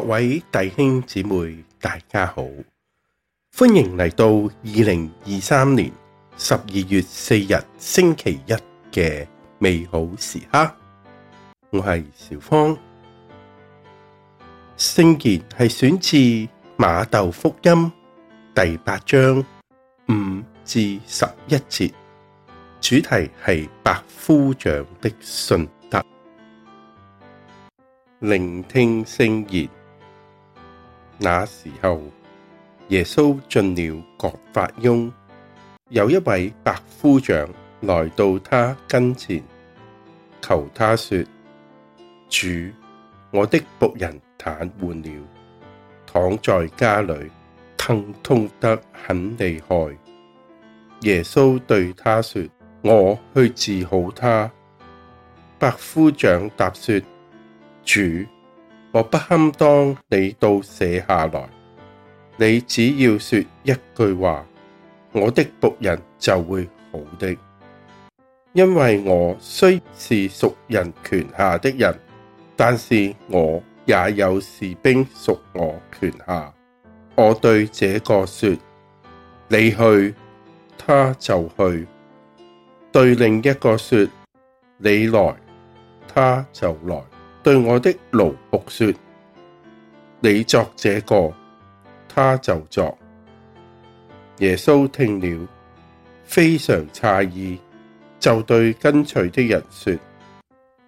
各位弟兄姊妹，大家好，歡迎嚟到二零二三年十二月四日星期一嘅美好時刻。我係小芳，聖言係選自馬竇福音第八章五至十一節，主題係百夫長的信德。聆聽聖言。那時候，耶穌進了葛法翁，有一位百夫長來到他跟前，求他說：主，我的僕人癱瘓了，躺在家裏，疼痛得很厲害。耶穌對他說：我去治好他。百夫長答說：主。我不堪當你到舍下來，你只要說一句話，我的僕人就會好的。因為我雖是屬人權下的人，但是我也有士兵屬我權下。我對這個說，你去，他就去；對另一個說，你來，他就來。對我的奴僕說：你作這個，他就作。耶穌聽了，非常詫異，就對跟隨的人說：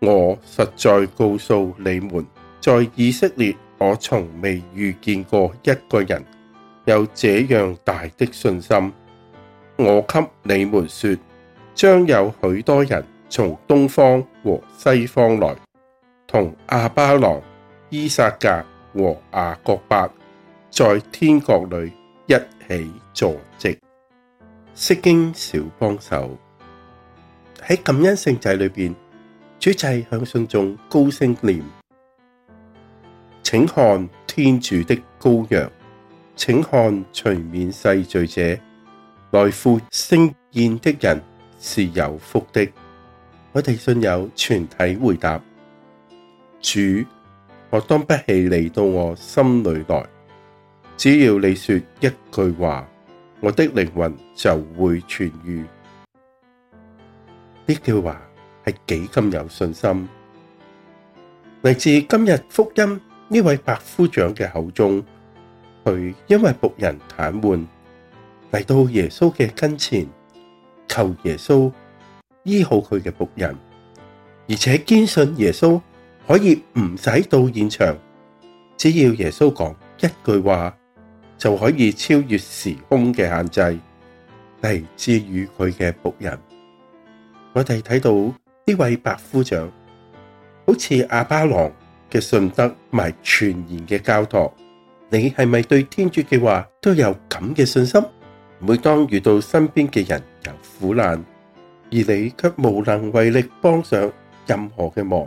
我實在告訴你們，在以色列我從未遇見過一個人，有這樣大的信心。我給你們說，將有許多人從東方和西方來。同亞巴郎、依撒格和雅各伯在天國裏一起坐席。釋經小幫手，喺感恩聖祭裏面，主祭向信眾高聲念：請看天主的羔羊，請看除免世罪者，來赴聖宴的人是有福的。我哋信友全體回答。主，我當不起你到我心裏來。只要你說一句話，我的靈魂就會痊癒。呢句話係幾咁有信心，嚟自今日福音呢位百夫長嘅口中。佢因為僕人癱瘓，嚟到耶穌嘅跟前，求耶穌醫好佢嘅僕人，而且堅信耶穌。可以唔使到現場，只要耶穌講一句話就可以超越時空嘅限制嚟治癒佢嘅僕人。我哋睇到呢位百夫長，好似亞巴郎嘅信德，埋全然嘅交託。你係咪對天主嘅話都有咁嘅信心？每當遇到身邊嘅人有苦難，而你卻無能為力幫上任何嘅忙。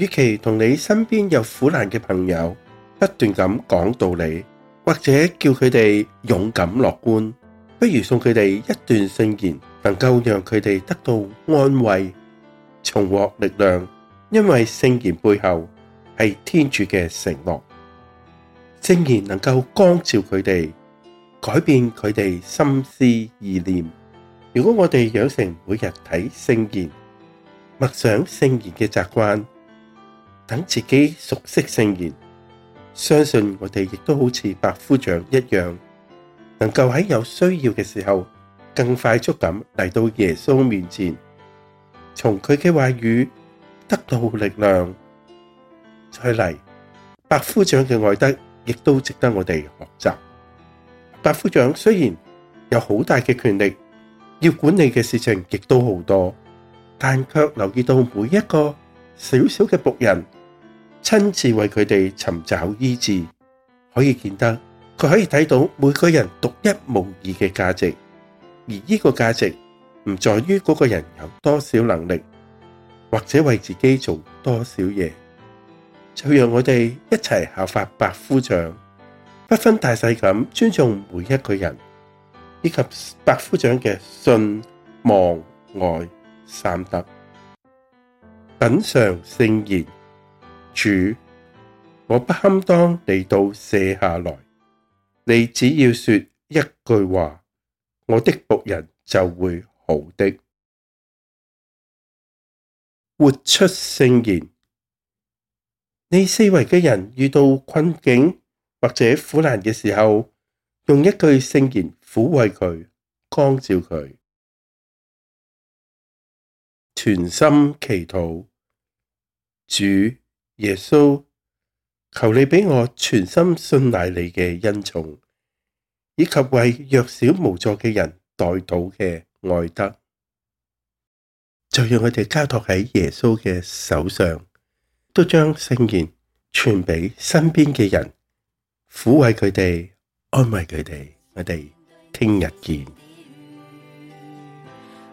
與其同你身邊有苦難嘅朋友不斷咁講道理，或者叫佢哋勇敢樂觀，不如送佢哋一段聖言，能夠讓佢哋得到安慰，重獲力量。因為聖言背後係天主嘅承諾，聖言能夠光照佢哋，改變佢哋心思意念。如果我哋養成每日睇聖言、默想聖言嘅習慣。等自己熟悉聖言，相信我哋亦都好似百夫長一樣，能夠喺有需要嘅時候，更快速咁嚟到耶穌面前，從佢嘅話語得到力量。再嚟，百夫長嘅愛德亦都值得我哋學習。百夫長雖然有好大嘅權力，要管理嘅事情亦都好多，但卻留意到每一個小小嘅僕人。親自為佢哋尋找醫治，可以見得佢可以睇到每個人獨一無二嘅價值，而呢個價值唔在於嗰個人有多少能力，或者為自己做多少嘢，就讓我哋一齊效法百夫長，不分大細咁尊重每一個人，以及百夫長嘅信望愛三德。品嚐聖言。主，我不堪當你到舍下來，你只要說一句話，我的僕人就會好的。活出聖言，你四圍嘅人遇到困境或者苦難嘅時候，用一句聖言撫慰佢，光照佢，全心祈禱，主。耶穌，求你畀我全心信賴你嘅恩寵，以及為弱小無助嘅人代禱嘅愛德，就讓佢哋交託喺耶穌嘅手上，都將聖言傳畀身邊嘅人，撫慰佢哋，安慰佢哋。我哋聽日見。